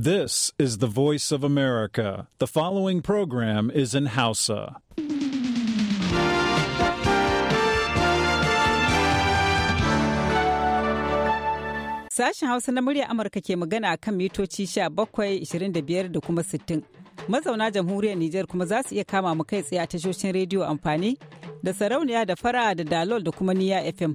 This is the voice of America. The following program is in Hausa. Sashen Hausa na murya Amurka ke magana kan mitoci bakwai 25 da kuma 60. Mazauna jamhuriyar Nijar kuma za su iya kama mu kai tsaye a tashoshin rediyo amfani da sarauniya da fara da dalol da kuma niya FM.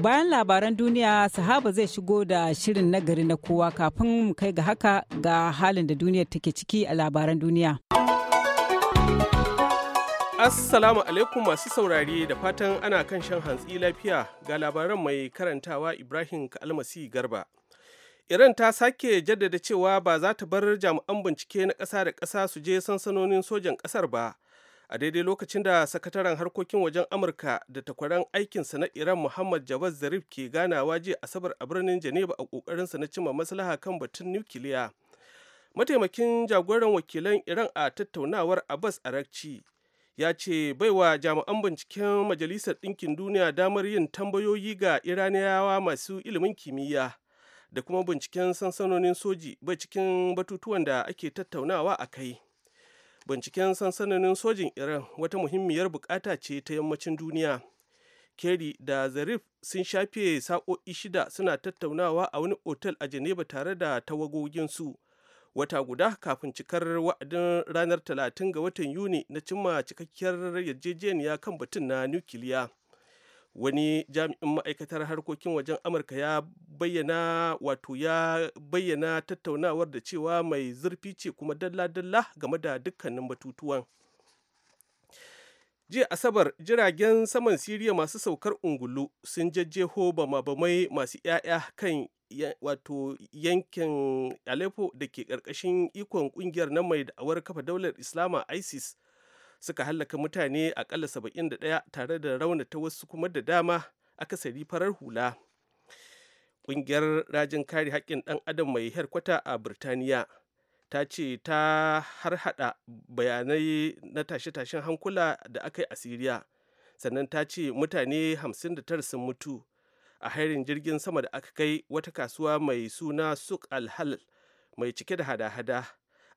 Bayan labaran duniya, sahaba zai shigo da shirin nagari na kowa kafin mu kai ga haka ga halin da duniya take ciki a labaran duniya. Assalamu alaikum masu saurari, da fatan ana kan shan hantsi lafiya ga labaran mai karantawa Ibrahim Kalmasi Garba. Iran ta sake jaddada cewa ba za ta bar jami'an bincike na ƙasa da ƙasa su je sansanonin sojan ƙasar ba. a daidai lokacin da sakataren harkokin wajen amurka da takwaran aikinsa na iran muhammad javad zarif ke ganawa jiya asabar a birnin geneva a kokarinsa na cimma maslaha kan batun nukiliya mataimakin jagoran wakilan iran a tattaunawar abbas arakci ya ce baiwa jami'an binciken majalisar ɗinkin duniya damar yin tambayoyi ga iraniyawa masu ilimin kimiyya da kuma binciken sansanonin soji bai cikin batutuwan da ake tattaunawa a kai binciken sansanonin sojin iran wata muhimmiyar bukata ce ta yammacin duniya kerry da zarif sun shafe sa'o'i shida suna tattaunawa a wani otal a geneva tare da tawagoginsu wata guda kafin cikar wa'adin ranar talatin ga watan yuni na cimma cikakkiyar yarjejeniya kan batun na nukiliya wani jami'in ma'aikatar harkokin wajen amurka ya bayyana wato ya bayyana tattaunawar da cewa mai zurfi ce kuma dalla-dalla game da dukkanin batutuwan jiya asabar jiragen saman siriya masu saukar ungulu sun jajjeho bama-bamai masu 'ya'ya kan wato yankin aleppo da ke ƙarƙashin ikon ƙungiyar na mai da'awar kafa daular islama isis suka hallaka mutane akalla 71 tare da raunata wasu kuma da dama akasari farar hula ƙungiyar rajin kare haƙƙin ɗan adam mai herkwata a birtaniya ta ce ta har harhaɗa bayanai na tashe-tashen hankula da aka yi a siriya sannan ta ce mutane 59 sun mutu a harin jirgin sama da aka kai wata kasuwa mai suna suk alhal mai cike da hada-hada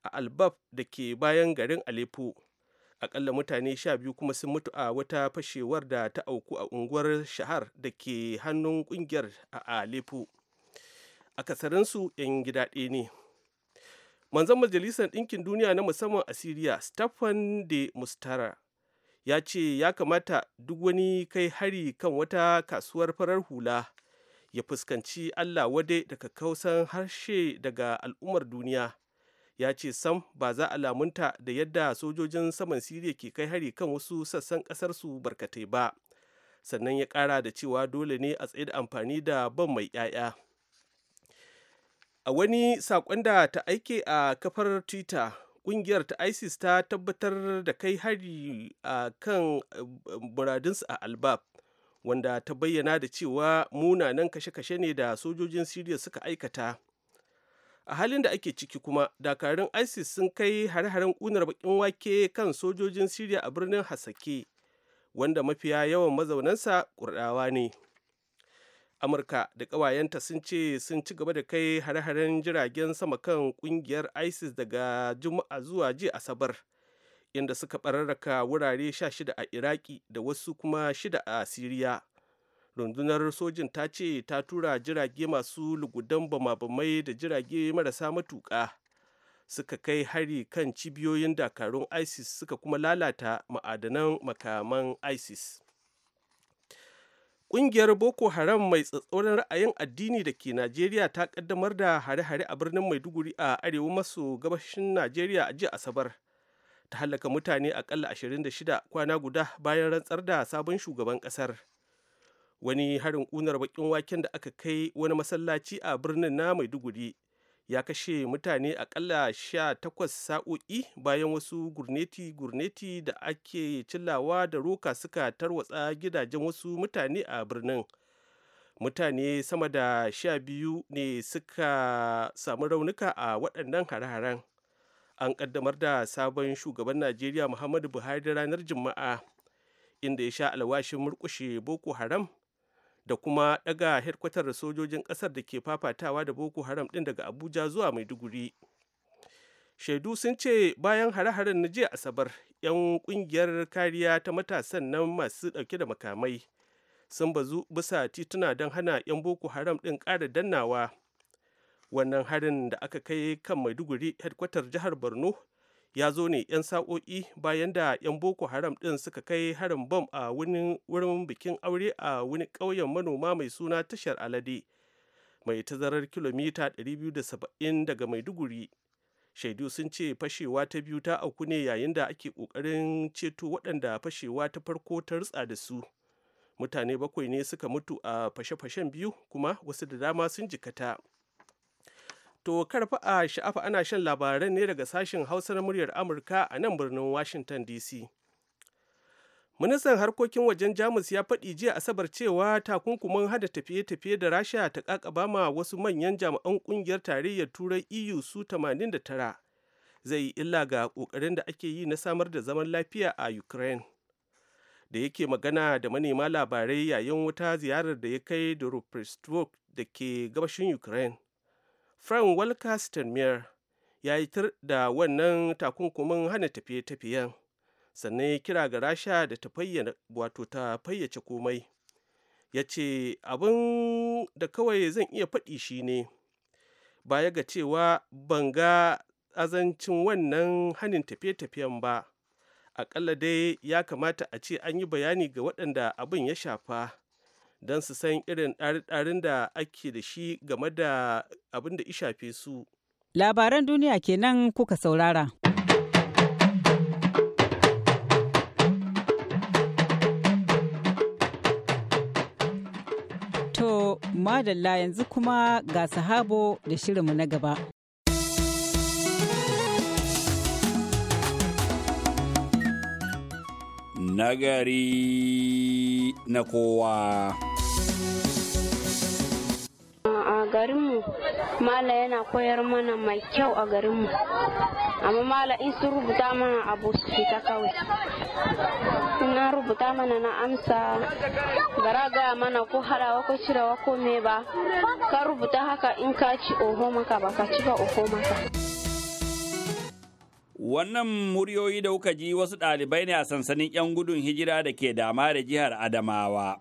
a albab da ke bayan garin aleppo akalla mutane sha biyu kuma sun mutu a wata fashewar da ta auku a unguwar shahar da ke hannun kungiyar a aleppo kasarinsu 'yan gida ɗaya ne manzan majalisar ɗinkin duniya na musamman a siriya stephen de mustara ya ce ya kamata duk wani kai hari kan wata kasuwar farar hula ya fuskanci allah wade daga kausan harshe daga al'ummar duniya ya ce sam ba za a lamunta da yadda sojojin saman siriya ke kai hari kan wasu sassan ƙasarsu barkatai ba sannan ya ƙara da cewa dole ne a tsaye da amfani da ban mai 'ya'ya a wani saƙon da ta aike a kafar twitter ƙungiyar ta isis ta tabbatar da kai hari a kan eh, muradinsu a albab wanda ta bayyana da cewa munanan kashe-kashe ne da sojojin siriya suka aikata a halin da ake ciki kuma dakarun isis sun kai hare-haren kunar bakin wake kan sojojin siriya a birnin hasake wanda mafiya yawan mazaunansa kurdawa ne amurka da ƙawayenta sun ce sun ci gaba da kai hare-haren jiragen sama kan kungiyar isis daga juma'a zuwa jiya asabar inda suka bararraka wurare sha shida a iraki da wasu kuma shida a siriya rundunar sojin ta ce ta tura jirage masu lugudan bama-bamai da jirage marasa matuƙa suka kai hari kan cibiyoyin dakarun isis suka kuma lalata ma'adanan makaman isis Ƙungiyar Boko Haram mai tsatsauran ra'ayin addini da ke Najeriya ta kaddamar da hare-hare a birnin Maiduguri a arewa maso gabashin Najeriya a jiya Asabar. Ta halaka mutane akalla 26 kwana guda bayan rantsar da sabon shugaban ƙasar. wani harin ƙunar bakin waken da aka kai wani masallaci a birnin na maiduguri ya kashe mutane akalla sha takwas sa'o'i bayan wasu gurneti gurneti da ake cillawa da roka suka tarwatsa gidajen wasu mutane a birnin mutane sama da sha biyu ne suka samu raunuka a waɗannan hare-haren an ƙaddamar da sabon shugaban najeriya muhammadu buhari da ranar juma'a inda ya sha alwashin murƙushe boko haram da kuma daga hedkwatar sojojin kasar da ke fafatawa da boko haram din daga abuja zuwa maiduguri shaidu sun ce bayan hare-haren na jiya asabar 'yan kungiyar kariya ta matasan nan masu dauke da makamai sun bazu bisa tituna don hana 'yan boko haram din ƙara dannawa wannan harin da aka kai kan maiduguri hedkwatar jihar borno ya zo ne 'yan sa'o'i bayan da 'yan boko haram ɗin suka kai harin bom a wurin bikin aure a wani ƙauyen manoma mai suna tashar alade mai tazarar kilomita 270 daga maiduguri shaidu sun ce fashewa ta biyu ta auku ne yayin da ake ƙoƙarin ceto waɗanda fashewa ta farko ta rutsa da su mutane bakwai ne suka mutu a fashe-fashen biyu kuma wasu da dama sun jikata. To karfa a sha'afa ana shan labaran ne daga sashen Hausa na muryar Amurka a nan birnin Washington DC. Ministan harkokin wajen Jamus ya faɗi jiya Asabar cewa takunkuman hada tafiye-tafiye da Rasha ta kakaba ma wasu manyan jami'an ƙungiyar tarayyar Turai EU su 89 zai yi illa ga ƙoƙarin da ake yi na samar da zaman lafiya a Ukraine. Da yake magana da manema labarai yayin wata ziyarar da ya kai da da ke gabashin Ukraine. frank walker steinmeier ya yi tir da wannan takunkumin hana tafiye-tafiyen sannan ya kira ga rasha da ta wato ta fayyace komai ya ce abin da kawai zan iya faɗi shi ne ya ga cewa ban ga azancin wannan hanin tafiye-tafiyen ba aƙalla dai ya kamata a ce an yi bayani ga waɗanda abin ya shafa don su san irin ɗarin da ake da shi game da abin da ishafe su. Labaran duniya kenan kuka saurara. To, madalla yanzu kuma ga sahabo da shirinmu na gaba. Nagari. na kowa. A garinmu, Mala yana koyar mana mai kyau a garinmu, amma Mala in sun rubuta mana abu su fita kawai. Ina rubuta mana na amsa, gara gaya mana ko haɗawa ko cirewa ko me ba, ka rubuta haka in ka ci oho maka ba ka ci ba oho maka. Wannan muryoyi da kuka ji wasu ɗalibai ne a sansanin 'yan gudun hijira da ke dama da jihar Adamawa.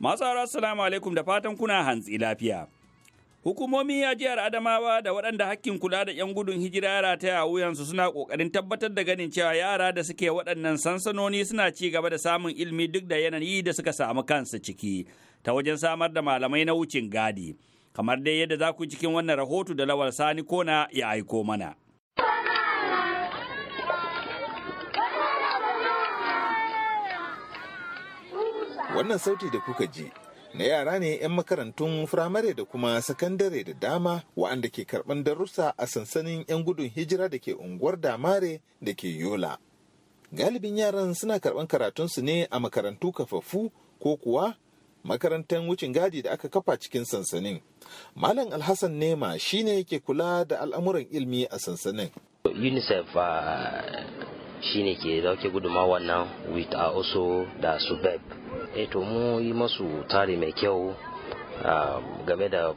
Masu haro assalamu alaikum da fatan kuna hantsi lafiya. Hukumomi a jihar Adamawa da waɗanda hakkin kula da 'yan gudun hijira yara ta wuyansu suna ƙoƙarin tabbatar da ganin cewa yara da suke waɗannan sansanoni suna ci gaba da samun ilimi duk da yanayi da suka samu kansu ciki ta wajen samar da malamai na wucin gadi. Kamar dai yadda za ku cikin wannan rahoto da Lawal Sani Kona ya aiko mana. wannan sauti da kuka ji na yara ne 'yan makarantun firamare da kuma sakandare da dama wa'anda ke karɓan darussa a sansanin 'yan gudun hijira da ke unguwar damare da ke yola galibin yaran suna karɓan karatunsu ne a makarantu kafafu ko kuwa makarantar wucin gadi da aka kafa cikin sansanin malam alhassan nema shine ke kula da al'amuran ilmi a sansanin unicef ah, shine ke dauke gudunmawa wannan with ah, also da subeb Eto eh, to mu yi masu tari mai kyau um, game da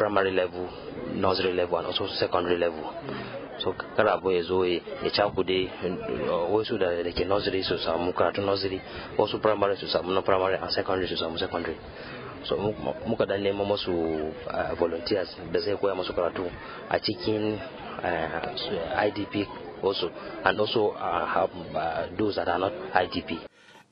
primary level nursery level and also secondary level so kar abu ya zo ya cakude uh, wasu da da ke nursery su samu karatu nursery wasu primary su samu na primary and secondary su samu secondary so muka dan nemo masu uh, volunteers da zai koya masu karatu a cikin uh, idp also and also uh, have, uh, those that are not idp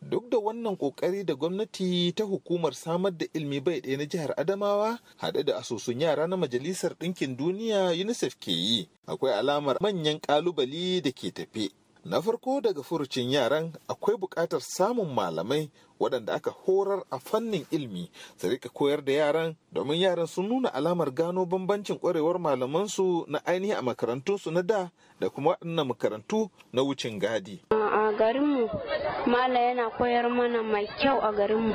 duk da wannan kokari da gwamnati ta hukumar samar da ilmi bai ɗaya na jihar adamawa haɗe da asusun yara na majalisar ɗinkin duniya unicef ke yi akwai alamar manyan ƙalubali da ke tafe na farko daga furucin yaran akwai buƙatar samun malamai waɗanda aka horar a fannin ilmi su rika koyar da yaran domin yaran sun nuna alamar gano bambancin ƙwarewar malamansu na ainihi a makarantunsu na da da kuma waɗannan makarantu na wucin gadi. a garinmu mala yana koyar mana mai kyau a garinmu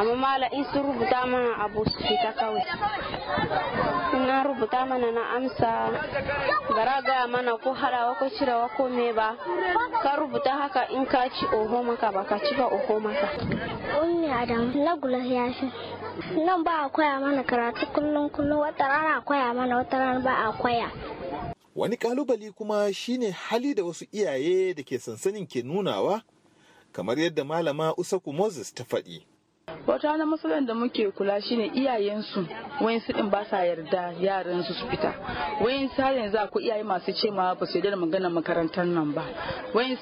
amma mala in sun rubuta mana abu su fita kawai in na rubuta mana na amsa gara gaya mana ko hadawa ko cirewa ko me ba ka rubuta haka in ka ci oho maka ba ka ci ba oho maka ummi adam na gula ya shi nan ba a koya mana karatu kullum kullum wata rana a koya mana wata rana ba a koya Wani kalubali kuma shine hali da wasu iyaye da ke sansanin ke nunawa kamar yadda malama Usaku Moses ta faɗi. Wata na matsalar da muke kula shine iyayensu wayan su din ba sa yarda yaran su fita. su har yanzu akwai iyaye masu ce ma ba su yarda da magana makarantar nan ba.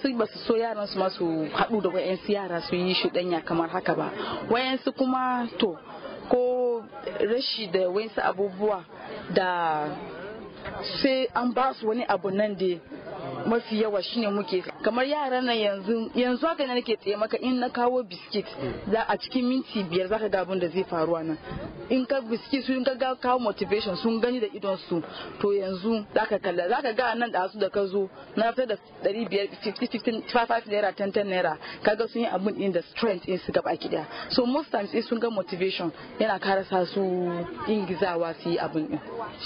su ba su so yaran su masu haɗu da su yara su yi shuɗanya kamar haka ba. wayan su kuma to ko rashi da wasu abubuwa da sai an ba su wani abu nan da mafi yawa shine muke kamar yaran nan yanzu yanzu haka nake tsaye maka in na kawo biskit mm. za a cikin minti biyar zaka ga abin da zai faru nan in ka biskit sun ka ga kawo motivation sun gani da idon su to yanzu zaka kalla zaka ga nan da su da ka zo na fitar da 500 naira 10 naira kaga sun yi abin din da strength in su gaba kidaya so most times in sun ga motivation yana karasa su ingizawa su yi abin din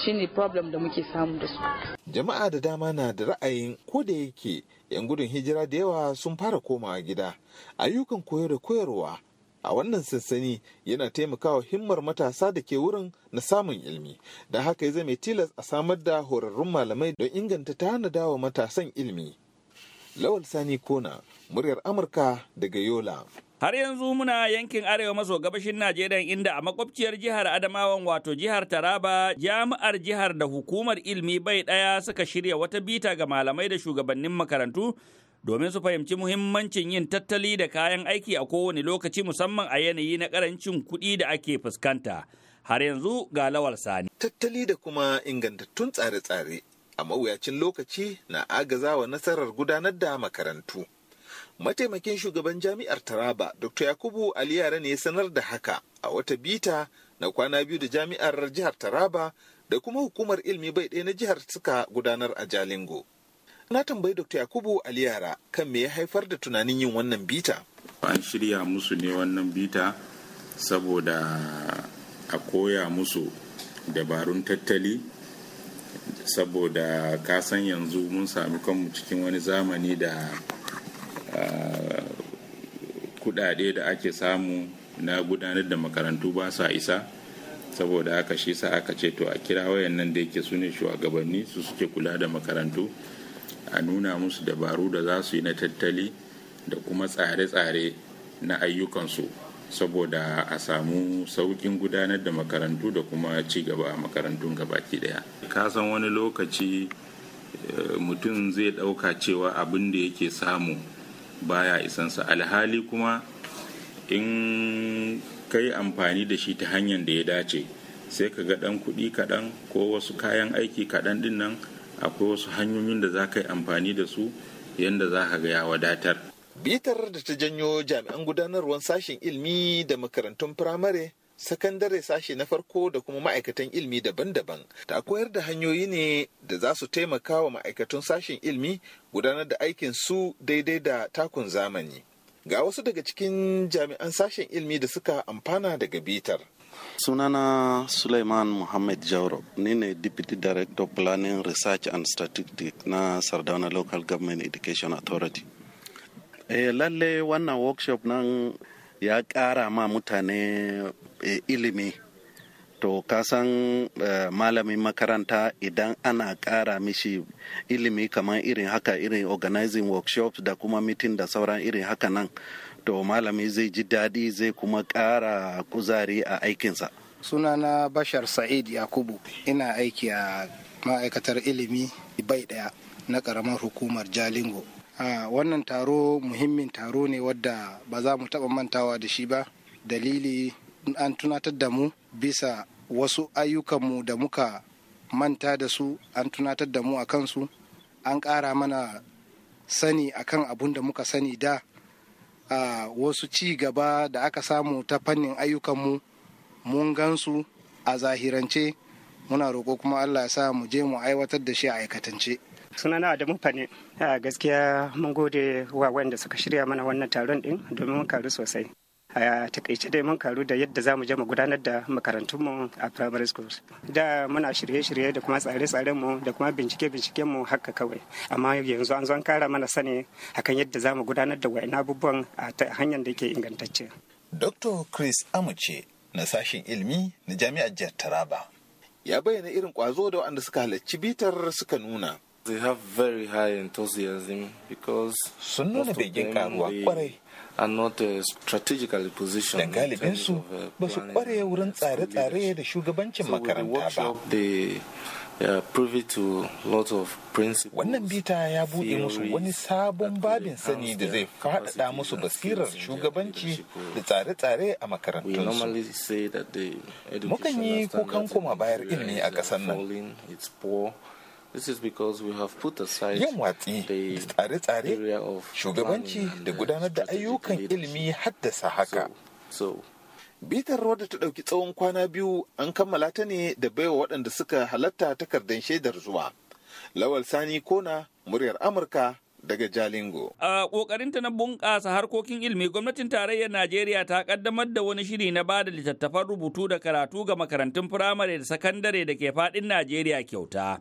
shine problem da muke samu da su jama'a da dama na da ra'ayin ko da yake 'yan gudun hijira da yawa sun fara komawa gida ayyukan koyar da koyarwa a wannan sansani yana taimakawa himmar matasa da ke wurin na samun ilmi da haka ya zama tilas a samar da horarrun malamai don inganta tanada wa matasan ilmi lawal sani kona muryar amurka daga yola Har yanzu muna yankin arewa maso gabashin Najeriya inda a makwabciyar jihar Adamawan wato jihar Taraba jami'ar jihar da hukumar ilmi bai ɗaya suka shirya wata bita ga malamai da shugabannin makarantu domin su fahimci muhimmancin yin tattali da kayan aiki a kowane lokaci musamman a yanayi na karancin kuɗi da ake fuskanta. Har yanzu ga lawal sani. Tattali da kuma ingantattun tsare-tsare a mawuyacin lokaci na agazawa nasarar gudanar da makarantu. Mataimakin shugaban jami'ar Taraba, Dr. Yakubu Ali Yara ne ya sanar da haka a wata bita na kwana biyu da jami'ar jihar Taraba da kuma hukumar ilmi bai ɗaya na jihar suka gudanar a Jalingo. Na tambayi Dr. Yakubu Ali Yara kan me ya haifar da tunanin yin wannan bita. An shirya musu ne wannan bita saboda a koya musu dabarun tattali saboda kasan yanzu mun sami kanmu cikin wani zamani da kudade da ake samu na gudanar da makarantu ba sa isa saboda haka shi sa aka ce to a kira wayannan da yake sune ne shugabanni su suke kula da makarantu a nuna musu dabaru da za su yi na tattali da kuma tsare-tsare na ayyukansu saboda a samu saukin gudanar da makarantu da kuma ci gaba a makarantun gabaki daya ka san wani lokaci eh, mutum zai ɗauka cewa abin da yake samu baya isansa alhali kuma in kai amfani da shi ta hanyar da ya dace sai ka ga ɗan kuɗi kaɗan ko wasu kayan aiki kaɗan ɗin nan akwai wasu hanyoyin da za ka yi amfani da su yadda za ka ga ya wadatar bitar da ta janyo jami'an gudanarwar sashen ilmi da makarantun firamare sakandare sashe na farko da kuma ma'aikatan ilmi daban-daban ta koyar da hanyoyi ne da za su taimaka wa ma'aikatun sashen ilmi gudanar da aikin su daidai da takun zamani ga wasu daga cikin jami'an sashen ilmi da suka amfana daga bitar sunana suleiman muhammad jauro ni ne deputy director planning research and statistics na sardauna local government education authority eh, lalle wannan workshop nan ya ƙara ma mutane eh, ilimi to kasan eh, malamin makaranta idan ana ƙara mishi ilimi kamar irin haka irin organizing workshops da kuma meeting da sauran irin haka nan to malami zai ji daɗi zai kuma ƙara kuzari a aikinsa sunana bashar sa'id yakubu ina aiki a ma'aikatar ilimi bai ɗaya na ƙaramar hukumar jalingo wannan taro muhimmin taro ne wadda ba za mu taɓa mantawa da shi ba dalili an tunatar da mu bisa wasu ayyukanmu da muka manta da su an tunatar da mu a kansu an ƙara mana sani a kan abun da muka sani da a wasu ci gaba da aka samu ta fannin ayyukanmu mun gansu a zahirance muna roƙo kuma allah ya sa mu je mu aiwatar da shi a aikatance sunana Adamu Fane. A gaskiya mun gode wa wanda suka shirya mana wannan taron din domin mun karu sosai. A takaice dai mun karu da yadda za mu je mu gudanar da makarantun makarantunmu a primary schools. Da muna shirye-shirye da kuma tsare mu da kuma bincike mu haka kawai. Amma yanzu an zo an kara mana sani akan yadda za mu gudanar da wa'in abubuwan a hanyar da yake ingantacce. Dr. Chris Amuce na sashen ilimi na jami'ar jihar Taraba. Ya bayyana irin kwazo da waɗanda suka halarci bitar suka nuna. They have very high enthusiasm because sun nuna begin karuwa kwarai are not uh, strategically positioned. Da galibinsu uh, ba su kware wurin tsare-tsare da shugabancin makaranta ba. Uh, Wannan bita ya buɗe musu wani sabon babin sani da zai faɗaɗa musu basirar shugabanci da tsare-tsare a makarantunsu. Mukan yi kukan kuma bayar ilimi a ƙasar nan. This is because we have put aside Yin watsi da tsare-tsare, shugabanci da uh, gudanar da ayyukan ilimi haddasa haka. So, bitar wadda ta ɗauki tsawon kwana biyu an kammala ta ne da baiwa waɗanda suka halatta takardar shaidar zuwa. Lawal Sani Kona, muryar Amurka, daga Jalingo. A ƙoƙarinta na bunƙasa harkokin Ilmi gwamnatin tarayyar Najeriya ta ƙaddamar da wani shiri na bada littattafan rubutu da karatu ga makarantun firamare da sakandare da ke faɗin Najeriya kyauta.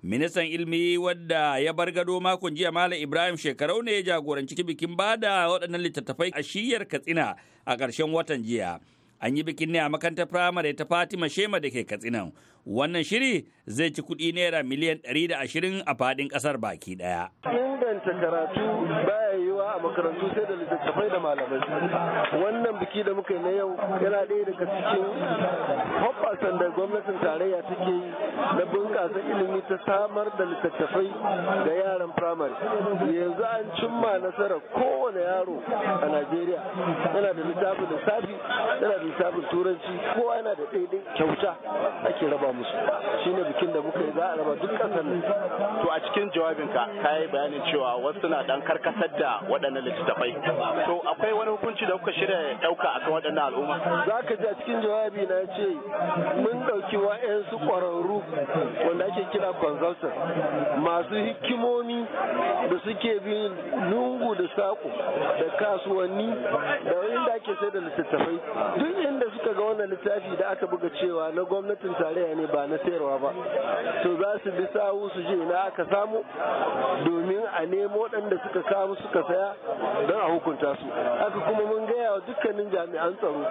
Ministan ilmi wadda ya bar gado makon jiya Malam Ibrahim shekarau ne ya jagoranci bikin bada waɗannan littattafai a shiyar Katsina a ƙarshen watan jiya. An yi bikin ne a makarantar firamare ta Fatima Shema da ke Katsinan. Wannan shiri zai ci kuɗi naira miliyan ashirin a faɗin ƙasar baki ɗaya. a makarantu sai da littattafai da malamai wannan biki da muka yi na yau yana ɗaya daga cikin hoppasan da gwamnatin tarayya take yi na bunƙasa ilimi ta samar da littattafai ga yaran firamare yanzu an cimma nasarar kowane yaro a najeriya yana da littafin lissafi yana da littafin turanci kowa yana da daidai kyauta ake raba musu shine bikin da muka yi za a raba duk ƙasar to a cikin jawabinka ka yi bayanin cewa wasu na dan karkatar da waɗannan littattafai to akwai wani hukunci da kuka shirya ɗauka kan waɗannan al'umma za ka ji a cikin jawabi na ce mun ɗauki wa'yansu ƙwararru wanda ake kira consultant masu hikimomi da suke bin lungu da saƙo da kasuwanni da inda ake sai da littattafai duk inda suka ga wannan littafi da aka buga cewa na gwamnatin tarayya ne ba na sayarwa ba to za su bi sawu su je na aka samu domin a nemo waɗanda suka kamu suka saya don a hukunta su haka kuma mun gaya wa dukkanin jami'an tsaro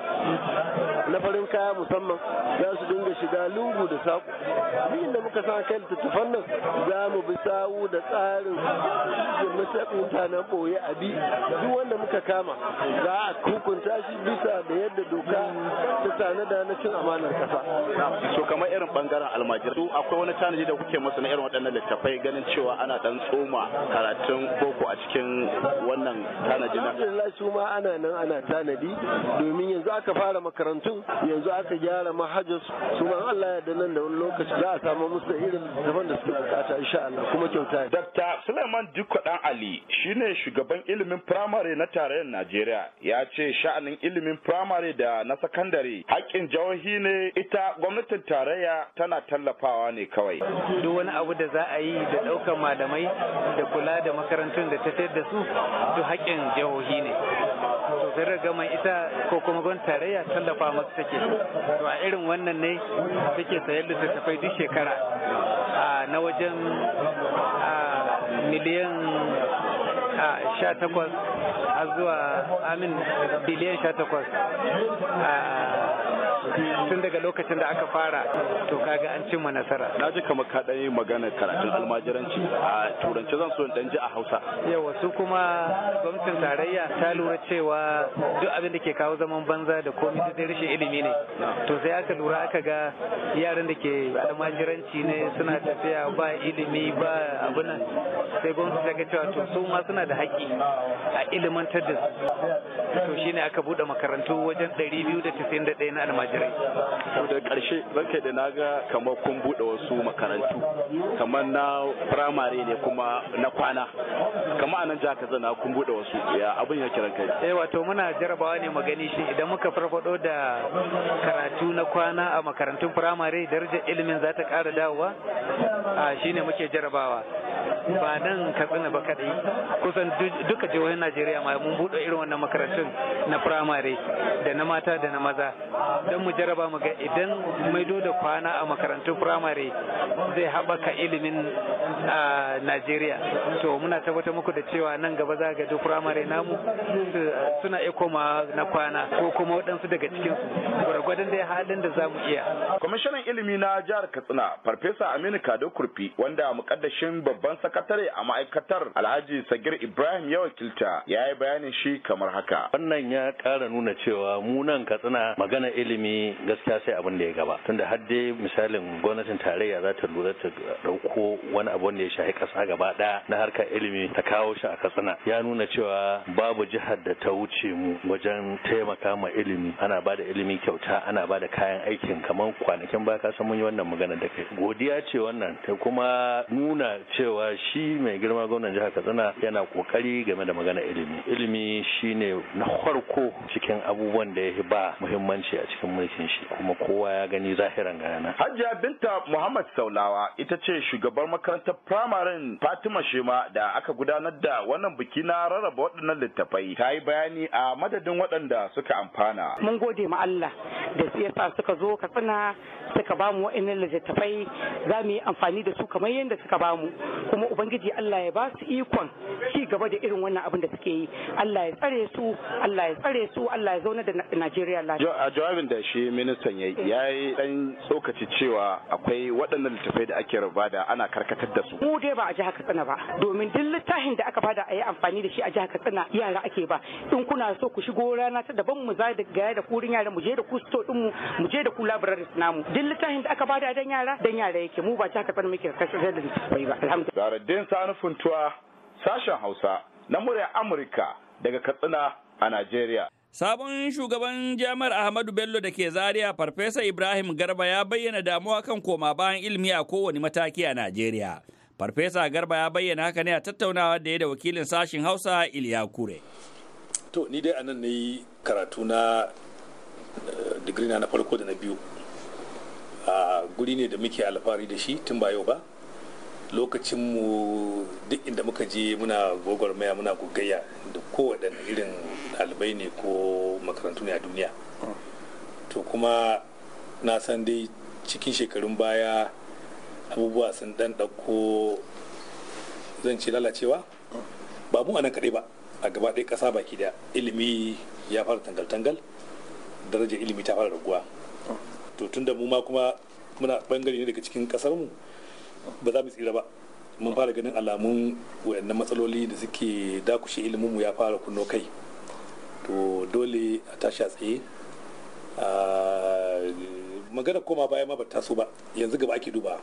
na farin kaya musamman za su dinga shiga lungu da saƙo duk da muka san kai tattafan nan za mu bi sawu da tsarin tanan ɓoye a bi duk wanda muka kama za a hukunta shi bisa da yadda doka ta da na cin amanar kasa so kamar irin bangaren su akwai wani tanaji da kuke masa na irin waɗannan littattafai ganin cewa ana ɗan tsoma karatun boko a cikin wannan tanadi na alhamdulillah su ma ana nan ana tanadi domin yanzu aka fara makarantun yanzu aka gyara mahajus su ma Allah ya danna da wani lokaci za a samu musu irin daban da suke bukata insha Allah kuma kyauta Dr. Suleiman Dikko dan Ali shine shugaban ilimin firamare na tarayyar Najeriya ya ce sha'anin ilimin firamare da na sakandare haƙƙin jawahi ne ita gwamnatin tarayya tana tallafawa ne kawai duk wani abu da za a yi da ɗaukar malamai da kula da makarantun da ta da su duk haƙƙin jihohi ne sosai daga mai ita ko kuma gwamnati tarayya tallafa masu take to a irin wannan ne take sayar da littattafai duk shekara na wajen miliyan sha takwas a zuwa amin biliyan sha takwas tun daga lokacin da aka fara to kaga an cimma nasara na ji kamar ka ɗan magana karatun almajiranci a turanci zan so dan ji a hausa yawa su kuma gwamnatin tarayya ta lura cewa duk abin da ke kawo zaman banza da komai da rashin ilimi ne to sai aka lura aka ga yaran da ke almajiranci ne suna tafiya ba ilimi ba abin sai gwamnati ta ga cewa to su ma suna da haƙƙi a ilimantar da su shi ne aka buɗe makarantu wajen 291 na almajirai to da ƙarshe kai da na ga kamar kun buɗe wasu makarantu kamar na firamare ne kuma na kwana kamar anan ka zana kun buɗe wasu ya abin ya kiran kai eh wato muna jarabawa ne magani shi idan muka farfado da karatu na kwana a makarantun firamare darajar ilimin za ta ƙara dawowa shi ne muke jarabawa ba nan katsina ba kadai kusan duka jihohin najeriya ma mun buɗe irin wannan makarantun na firamare da na mata da na maza don mu jaraba mu ga idan maido da kwana a makarantun firamare zai haɓaka ilimin a najeriya to muna tabbatar muku da cewa nan gaba za ga duk firamare namu suna iya koma na kwana ko kuma waɗansu daga cikin gwargwadon dai halin da za mu iya kwamishinan ilimi na jihar katsina farfesa aminu kado kurfi wanda muƙaddashin babban saka sakatare a ma'aikatar Alhaji Sagir Ibrahim ya wakilta ya yi bayanin shi kamar haka. Wannan ya kara nuna cewa mu nan Katsina magana ilimi gaskiya sai abin da ya gaba. Tunda har dai misalin gwamnatin tarayya za ta lura ta ɗauko wani abu da ya shahi kasa gaba ɗaya na harkar ilimi ta kawo shi a Katsina. Ya nuna cewa babu jihar da ta wuce mu wajen taimaka ma ilimi. Ana ba da ilimi kyauta, ana ba da kayan aikin kamar kwanakin baya ka san mun yi wannan magana da kai. Godiya ce wannan ta kuma nuna cewa shi mai girma gwamnan jihar katsina yana kokari game da magana ilimi ilimi shine na farko cikin abubuwan da ya ba muhimmanci a cikin mulkin shi kuma kowa ya gani zahiran gana hajiya binta muhammad saulawa ita ce shugabar makarantar firamarin fatima shema da aka gudanar da wannan biki na rarraba waɗannan littafai ta yi bayani a madadin waɗanda suka amfana mun gode ma Allah da siyasa suka zo katsina suka bamu waɗannan littattafai za mu yi amfani da su kamar yadda suka bamu kuma ubangiji Allah ya ba su ikon ci gaba da irin wannan abin da suke yi Allah ya tsare su Allah ya tsare su Allah ya zauna da Najeriya lafiya a jawabin da shi ministan ya yi ya yi dan tsokaci cewa akwai waɗannan littafai da ake da ana karkatar da su mu dai ba a jihar Katsina ba domin duk littafin da aka bada a yi amfani da shi a jihar Katsina yara ake ba in kuna so ku shigo rana ta daban mu za da gaya da kurin yara mu je da ku sto din mu mu je da ku libraries namu duk littafin da aka bada dan yara dan yara yake mu ba jihar Katsina muke karkatar da littafai ba alhamdulillah Nuruddin Sani Funtuwa sashen Hausa na murya Amurka daga Katsina a Najeriya. Sabon shugaban jami'ar Ahmadu Bello da ke Zariya, Farfesa Ibrahim Garba ya bayyana damuwa kan koma bayan ilimi a kowane mataki a Najeriya. Farfesa Garba ya bayyana haka ne a tattaunawa da ya da wakilin sashen Hausa Iliya Kure. To ni dai anan ne karatu na eh, digiri na farko da na biyu. Ah, guri ne da muke alfahari da shi tun ba yau ba lokacin mu duk inda muka je muna gwagwarmaya muna gogayya da kowaɗanne irin ɗalibai ne ko makarantu ne a duniya to kuma na san dai cikin shekarun baya abubuwa sun ɗan ɗauko zan ce lalacewa ba mu a kaɗai ba a gaba ɗaya ƙasa baki da ilimi ya fara tangal-tangal darajar ilimi ta fara raguwa to tunda da mu ma kuma muna ɓangare ne daga cikin ƙasarmu mu ba za mu tsira ba mun fara ganin alamun wayannan matsaloli da suke dakushe ilimin mu ya fara kunno kai to dole a tashi a tsaye magana koma baya ma ba so ba yanzu gaba ake duba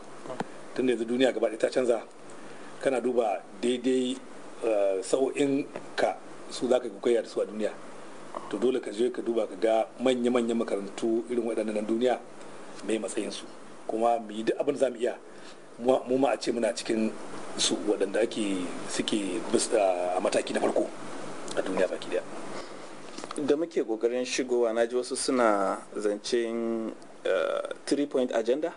tunda yanzu duniya gaba ta canza kana duba daidai sau'in ka su za ka koya da su a duniya to dole ka je ka duba ka ga manya-manyan makarantu irin waɗannan duniya mai matsayinsu kuma mu yi duk abin za mu iya mu ma a ce muna cikin su waɗanda ake suke a mataki na farko a duniya baki daya da muke kokarin shigowa na ji wasu suna zancen eh, three point agenda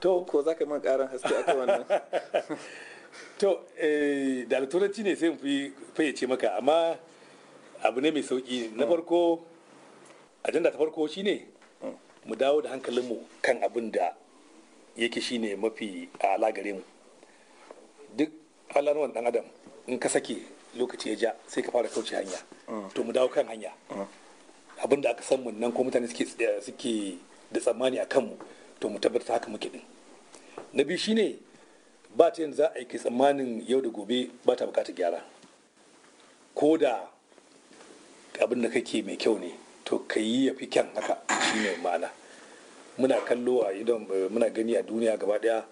to ko za ka yi karin haske a wannan to eh, da alturanci ne sai fi fayyace maka amma abu ne mai sauki na mm. farko agenda ta farko shine mm. mu dawo da hankalinmu kan abin da yake shine mafi ala gare mu duk halarwar dan adam in ka sake lokaci ya ja sai ka fara kauce hanya to mu dawo kan hanya abin aka san mu nan ko mutane suke suke da tsammani a kanmu to mu tabbata haka muke din na biyu shine ba ta yin za a yi tsammanin yau da gobe ba ta bukata gyara ko da abin da kake mai kyau ne to ka yi ya fi kyan haka shi shine ma'ana muna kallo a idan eh, muna gani a duniya gaba daya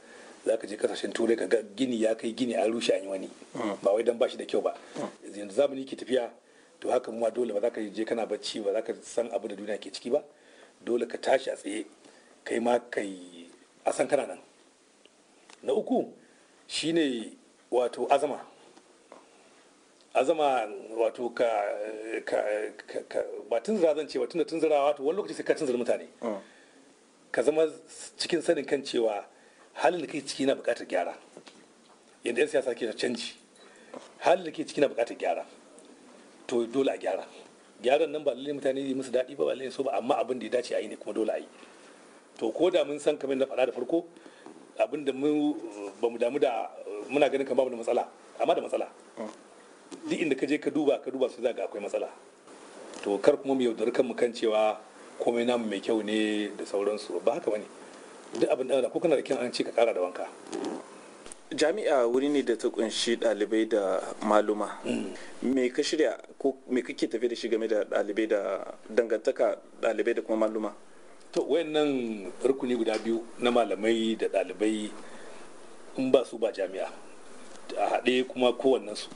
za ka je kasashen turai ka ga gini ya kai gini an rushe an yi wani hmm. ba wai dan bashi da kyau ba hmm. yanzu zamani ke tafiya to haka ma dole ba za ka je kana bacci ba za ka san abu da duniya ke ciki ba dole ka tashi a tsaye kai ma kai a san kana nan na uku shine wato azama azama wato ka eh, ka ka, ka ba tunzira zan ce ba tunda tunzira wato wani lokaci sai ka tunzira mutane hmm. ka zama cikin sanin kan cewa halin da kai ciki na buƙatar gyara yadda 'yan siyasa ke canji halin da ke ciki na buƙatar gyara to dole a gyara gyaran nan ba lalle mutane yi musu daɗi ba ba lalle so ba amma abin da ya dace a yi ne kuma dole a yi to ko da mun san kamar na faɗa da farko abin da mu ba mu damu da muna ganin kamar da matsala amma da matsala duk inda ka je ka duba ka duba su za ga akwai matsala to kar kuma mu yaudari kanmu kan cewa komai na mai kyau ne da sauransu ba haka bane duk abin da ko kana da kyan an ci ka kara da wanka jami'a wuri ne da ta kunshi dalibai da maluma mm. me ka shirya ko me kake tafi da shi game da dalibai da dangantaka dalibai da kuma maluma to wayannan rukuni guda biyu na malamai da dalibai in ba su ba jami'a a haɗe kuma su.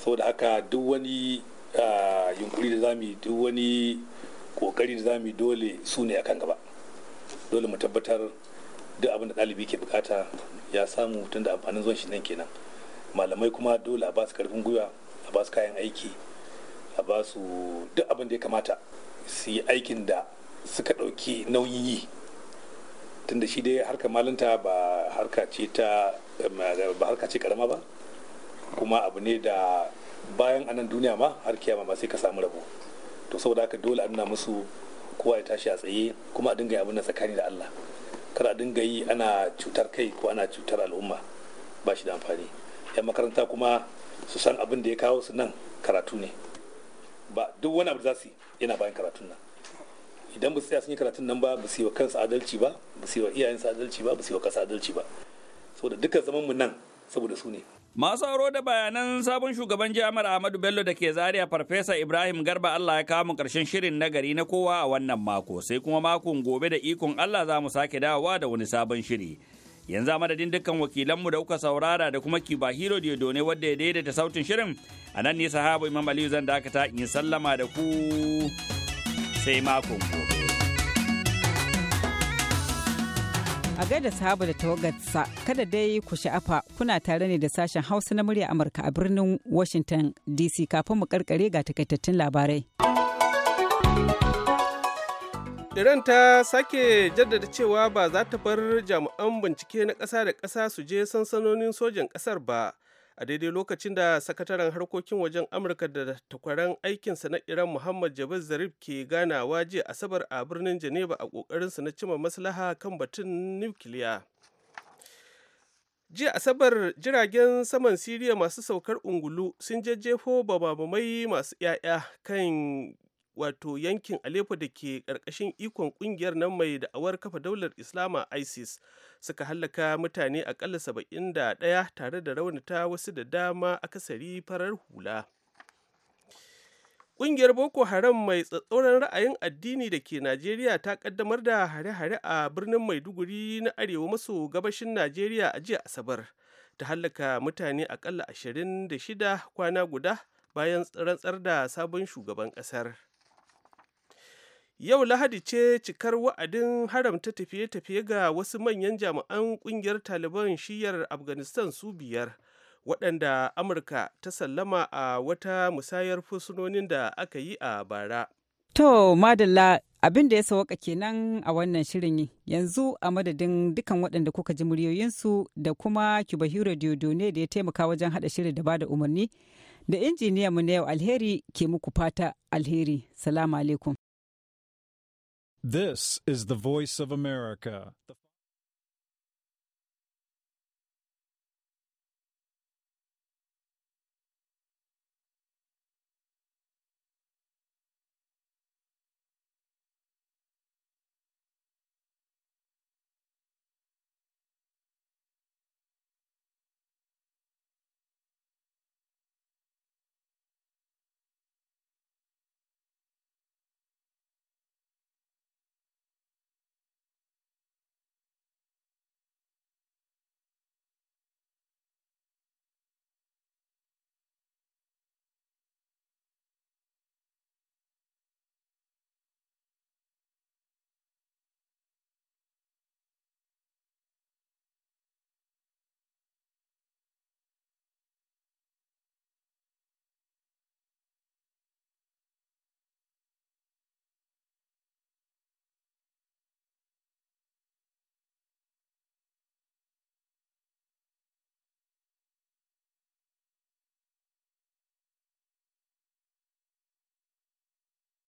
saboda haka duk wani ah, yunkuri da zamu duk wani kokari da zamu dole su ne akan gaba dole mu tabbatar duk abin da ɗalibi ke bukata ya samu tun da amfanin zuwan shi nan kenan malamai kuma dole a basu karfin gwiwa a basu kayan aiki a basu duk abin da ya kamata su yi aikin da suka ɗauki nauyin yi tunda shi dai harka malinta ba harka ce ta ba harka ce karama ba kuma abu ne da bayan anan duniya ma har kiyama ma sai ka samu rabo to saboda haka dole an nuna musu kowa ya tashi a tsaye kuma a dinga yi abin da tsakani da Allah kada a dinga yi ana cutar kai ko ana cutar al'umma ba shi da amfani yan makaranta kuma su san abin da ya kawo su nan karatu ne ba duk wani abu za su yana bayan karatun nan idan ba su tsaya sun yi karatun nan ba ba su yi wa kansu adalci ba ba su yi wa iyayensu adalci ba ba su yi wa kasa adalci ba saboda dukkan zaman mu nan saboda su ne Masu auro da bayanan sabon shugaban jami'ar Ahmadu Bello da ke zariya Farfesa Ibrahim Garba Allah ya kawo karshen shirin nagari na kowa a wannan mako sai kuma makon gobe da ikon Allah za mu sake dawowa da wani sabon shiri. Yanzu a madadin dukkan wakilanmu da kuka saurara da kuma Kiba Hiro ne wadda ya daidaita sautin shirin a nan ne sahabu Imam Aliyu zan dakata in sallama da ku sai makon gobe. a gaida sahaba da tawagarsa kada dai ku sha'afa kuna tare ne da sashen hausa na murya amurka a birnin washington dc kafin mu karkare ga takaitattun labarai iran ta sake jaddada cewa ba za ta bar jami'an bincike na ƙasa da ƙasa su je sansanonin sojan ƙasar ba a daidai lokacin da sakataren harkokin wajen amurka da takwaran aikinsa na iran muhammad jabir zarif ke ganawa jiya asabar a birnin geneva a kokarinsa na cima maslaha kan batun nukiliya jiya asabar jiragen saman siriya masu saukar ungulu sun jejjefo babamai masu yaya kan wato yankin Aleppo da ke ƙarƙashin ikon ƙungiyar nan mai da'awar kafa daular Islama ISIS suka hallaka mutane aƙalla saba'in da ɗaya tare da raunata wasu da dama akasari farar hula. Ƙungiyar Boko Haram mai tsatsauran ra'ayin addini da ke Najeriya ta ƙaddamar da hare-hare a birnin Maiduguri na arewa maso gabashin Najeriya a jiya Asabar. Ta hallaka mutane aƙalla 26 kwana guda bayan rantsar da sabon shugaban ƙasar. Yau Lahadi ce cikar wa'adin haramta tafiye-tafiye ga wasu manyan jami'an ƙungiyar Taliban shiyar Afghanistan su biyar, waɗanda Amurka ta sallama a wata musayar fursunonin da aka yi a bara. To, Madalla, abin da ya sauka kenan a wannan shirin yanzu a madadin dukan waɗanda kuka ji muryoyinsu da kuma Kibahiro Diodone da ya taimaka wajen haɗa shirin da bada umarni, da mu na yau alheri ke muku fata alheri. Salamu alaikum. This is the voice of America.